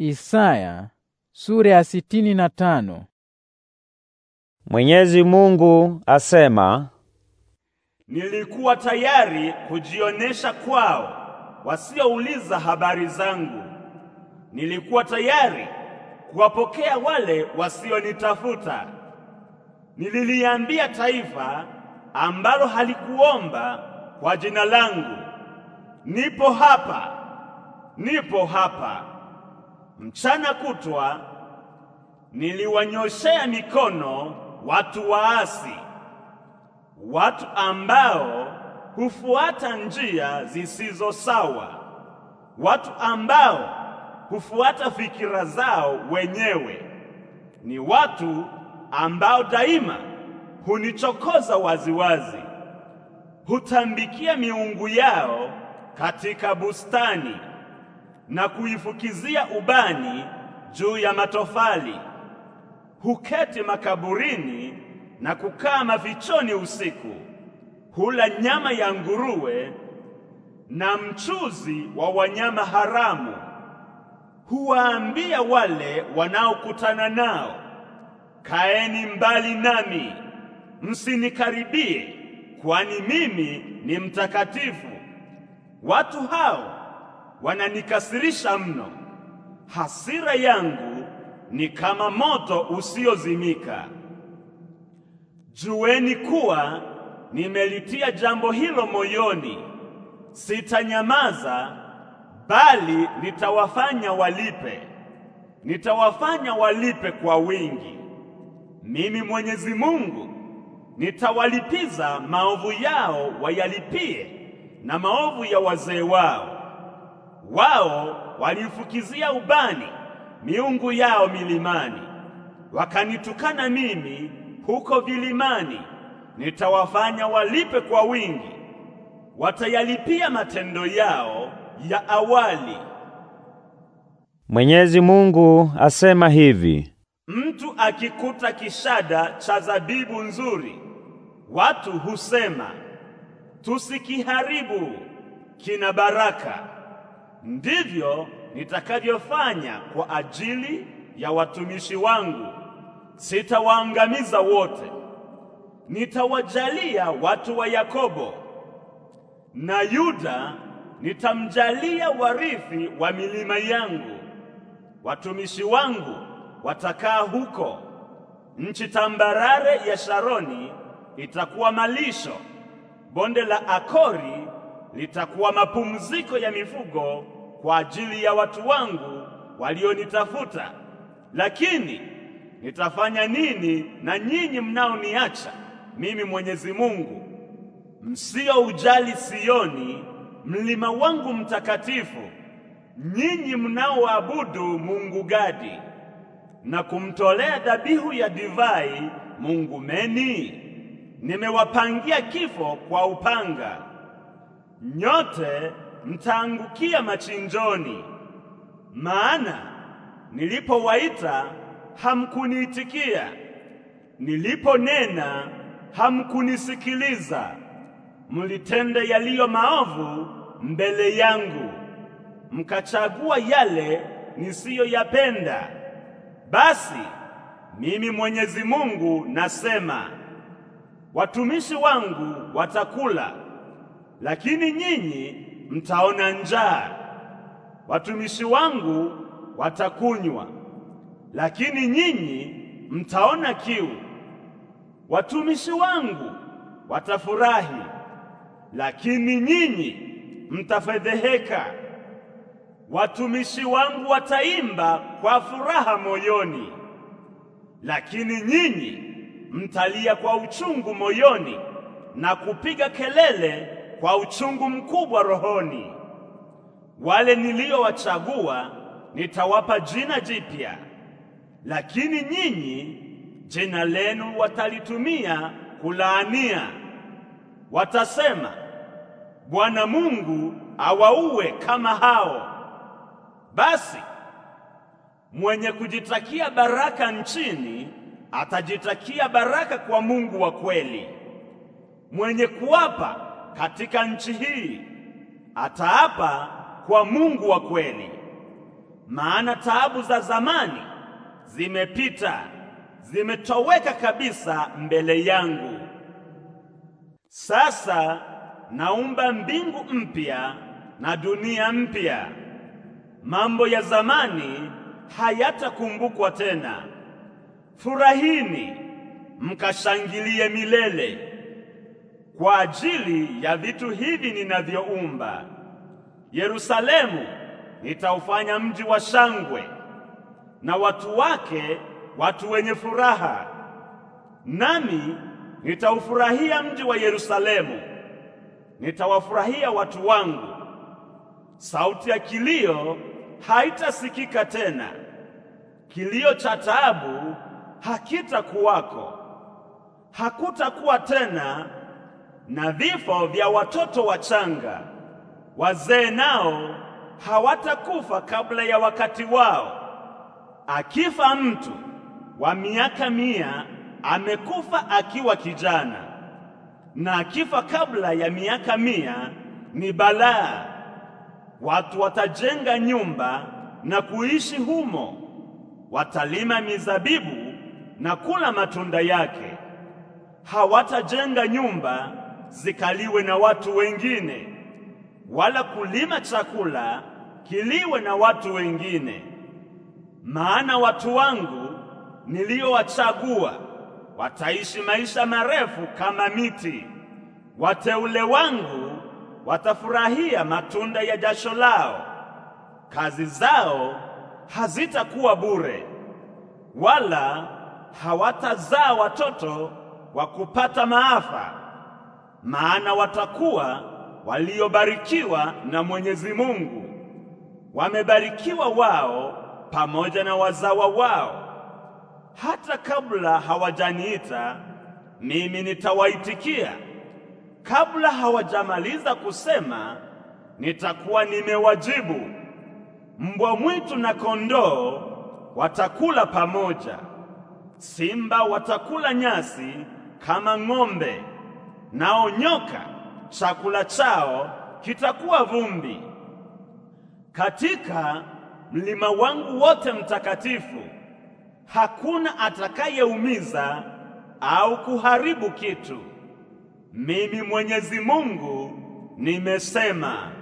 Isaya sura ya sitini na tano. Mwenyezi Mungu asema, nilikuwa tayari kujionesha kwao wasiouliza habari zangu, nilikuwa tayari kuwapokea wale wasionitafuta. Nililiambia taifa ambalo halikuomba kwa jina langu, nipo hapa, nipo hapa mchana kutwa niliwanyoshea mikono watu waasi, watu ambao hufuata njia zisizo sawa, watu ambao hufuata fikira zao wenyewe, ni watu ambao daima hunichokoza waziwazi, hutambikia miungu yao katika bustani na kuifukizia ubani juu ya matofali. Huketi makaburini na kukaa mafichoni usiku. Hula nyama ya nguruwe na mchuzi wa wanyama haramu. Huwaambia wale wanaokutana nao, kaeni mbali nami, msinikaribie, kwani mimi ni mtakatifu. Watu hao wananikasirisha mno. Hasira yangu ni kama moto usiozimika. Jueni kuwa nimelitia jambo hilo moyoni, sitanyamaza, bali nitawafanya walipe, nitawafanya walipe kwa wingi. Mimi Mwenyezi Mungu nitawalipiza maovu yao wayalipie, na maovu ya wazee wao wao walifukizia ubani miungu yao milimani, wakanitukana mimi huko vilimani. Nitawafanya walipe kwa wingi, watayalipia matendo yao ya awali. Mwenyezi Mungu asema hivi: mtu akikuta kishada cha zabibu nzuri, watu husema tusikiharibu, kina baraka ndivyo nitakavyofanya kwa ajili ya watumishi wangu, sitawaangamiza wote. Nitawajalia watu wa Yakobo na Yuda, nitamjalia warithi wa milima yangu. Watumishi wangu watakaa huko, nchi tambarare ya Sharoni itakuwa malisho, bonde la Akori litakuwa mapumziko ya mifugo kwa ajili ya watu wangu walionitafuta. Lakini nitafanya nini na nyinyi mnaoniacha mimi, Mwenyezi Mungu, msio ujali Sioni, mlima wangu mtakatifu, nyinyi mnaoabudu Mungu Gadi na kumtolea dhabihu ya divai Mungu Meni? Nimewapangia kifo kwa upanga nyote mtaangukia machinjoni. Maana nilipowaita hamkuniitikia, niliponena hamkunisikiliza. Mlitenda yaliyo maovu mbele yangu, mkachagua yale nisiyoyapenda. Basi mimi Mwenyezi Mungu nasema, watumishi wangu watakula lakini nyinyi mtaona njaa. Watumishi wangu watakunywa, lakini nyinyi mtaona kiu. Watumishi wangu watafurahi, lakini nyinyi mtafedheheka. Watumishi wangu wataimba kwa furaha moyoni, lakini nyinyi mtalia kwa uchungu moyoni na kupiga kelele kwa uchungu mkubwa rohoni. Wale niliyowachagua nitawapa jina jipya, lakini nyinyi jina lenu watalitumia kulaania. Watasema, Bwana Mungu awaue kama hao. Basi mwenye kujitakia baraka nchini atajitakia baraka kwa Mungu wa kweli. Mwenye kuapa katika nchi hii ataapa kwa Mungu wa kweli, maana taabu za zamani zimepita, zimetoweka kabisa mbele yangu. Sasa naumba mbingu mpya na dunia mpya. Mambo ya zamani hayatakumbukwa tena. Furahini mkashangilie milele kwa ajili ya vitu hivi ninavyoumba. Yerusalemu nitaufanya mji wa shangwe na watu wake watu wenye furaha. Nami nitaufurahia mji wa Yerusalemu, nitawafurahia watu wangu. Sauti ya kilio haitasikika tena, kilio cha taabu hakitakuwako. Hakutakuwa tena na vifo vya watoto wachanga. Wazee nao hawatakufa kabla ya wakati wao. Akifa mtu wa miaka mia amekufa akiwa kijana, na akifa kabla ya miaka mia ni balaa. Watu watajenga nyumba na kuishi humo, watalima mizabibu na kula matunda yake. Hawatajenga nyumba zikaliwe na watu wengine, wala kulima chakula kiliwe na watu wengine. Maana watu wangu niliowachagua wataishi maisha marefu kama miti, wateule wangu watafurahia matunda ya jasho lao, kazi zao hazitakuwa bure, wala hawatazaa watoto wa kupata maafa maana watakuwa waliobarikiwa na Mwenyezi Mungu. Wamebarikiwa wao pamoja na wazawa wao. Hata kabla hawajaniita mimi nitawaitikia, kabla hawajamaliza kusema nitakuwa nimewajibu. Mbwa mwitu na kondoo watakula pamoja, simba watakula nyasi kama ng'ombe nao nyoka chakula chao kitakuwa vumbi. Katika mlima wangu wote mtakatifu hakuna atakayeumiza au kuharibu kitu. Mimi Mwenyezi Mungu nimesema.